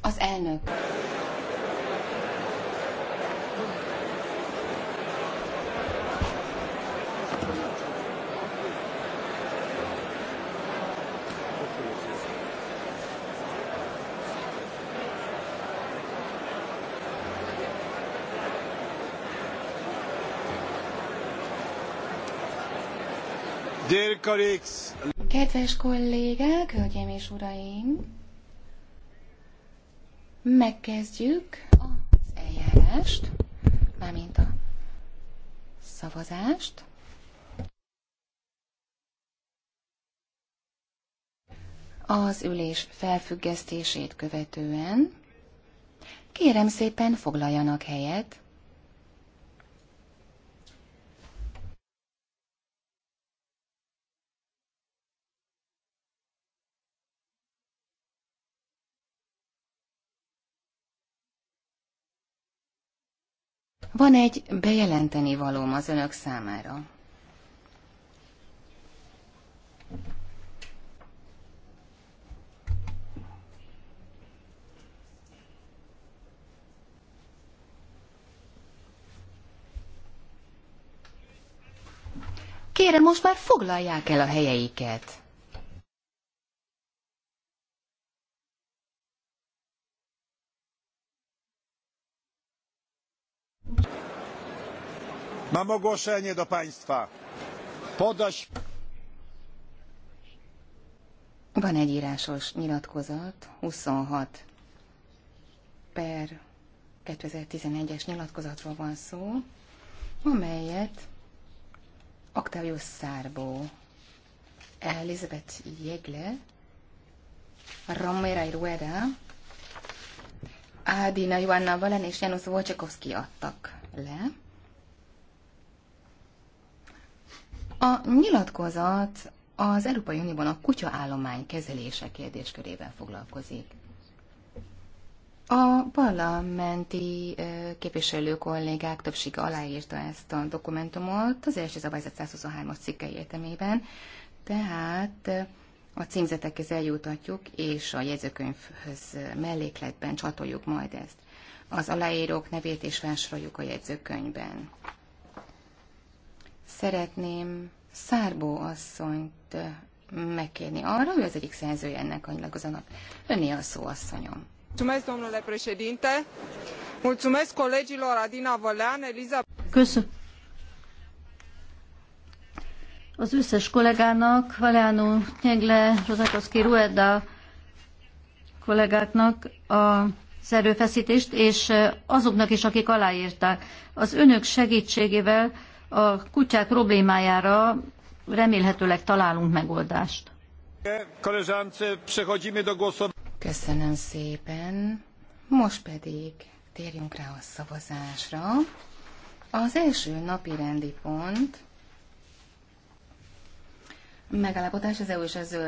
Az elnök. Dear colleagues, Kedves kollégák, hölgyeim és uraim, megkezdjük az eljárást, mármint a szavazást. Az ülés felfüggesztését követően kérem szépen foglaljanak helyet, Van egy bejelenteni valóm az önök számára. Kérem, most már foglalják el a helyeiket. Mam ogłoszenie do Państwa. Podaś... Van egy írásos nyilatkozat, 26 per 2011-es nyilatkozatról van szó, amelyet Octavius Szárbó, Elizabeth Jegle, Romera Rueda, Ádina Joanna Valen és Janusz Wojciechowski adtak le. A nyilatkozat az Európai Unióban a kutyaállomány kezelése kérdéskörével foglalkozik. A parlamenti képviselő kollégák többsége aláírta ezt a dokumentumot az első szabályzat 123-as cikke értemében, tehát a címzetekhez eljutatjuk, és a jegyzőkönyvhöz mellékletben csatoljuk majd ezt. Az aláírók nevét is felsoroljuk a jegyzőkönyvben. Szeretném Szárbó asszonyt megkérni arra, hogy az egyik szerzője ennek a nyilatkozatnak. Önné a szó, asszonyom. Mulțumesc, domnule președinte. Mulțumesc colegilor Adina Vălean, Eliza... Köszönöm. Az összes kollégának, Valeanu Nyegle, Rozakowski, Rueda kollégáknak a szerőfeszítést, és azoknak is, akik aláírták. Az önök segítségével a kutyák problémájára remélhetőleg találunk megoldást. Köszönöm szépen. Most pedig térjünk rá a szavazásra. Az első napi rendi pont megállapodás az EU és a zöld